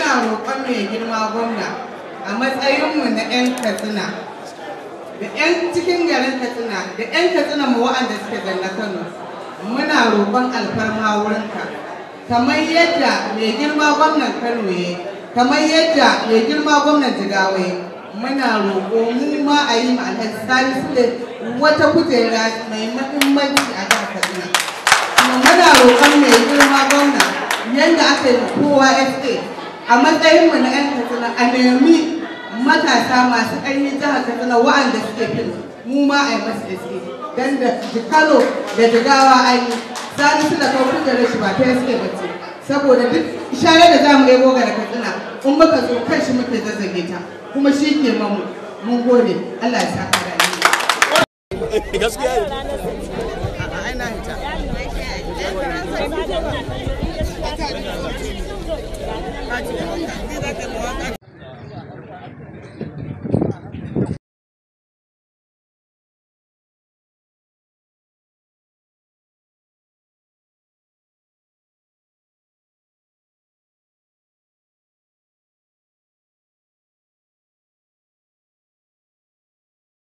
ina roƙon mai girma gwamna a matsayinmu na 'yan katsina da 'yan cikin garin katsina da 'yan katsina mu wa'anda suke zanna kano muna roƙon alfarma wurinka kamar yadda mai girma gwamnan kano ya kamar yadda mai girma gwamnan jigawa muna roƙo mu ma a yi ma alhaji salisu da wata kujera mai mahimmanci a kan katsina muna roƙon mai girma gwamna yadda aka yi kowa fa a matsayin mu na 'yan katsina a nemi matasa masu ɗanyen jihar katsina wa'anda suke fil mu ma a yi masu da don da kano da jigawa an yi sani suna kawo da shi ba ta suke bacci saboda duk shayar da za mu ɗai goga da katsina in muka zo kan shi muke zazzage ta kuma shi ke mamu mun gode allah ya sa ka da gaskiya 啊！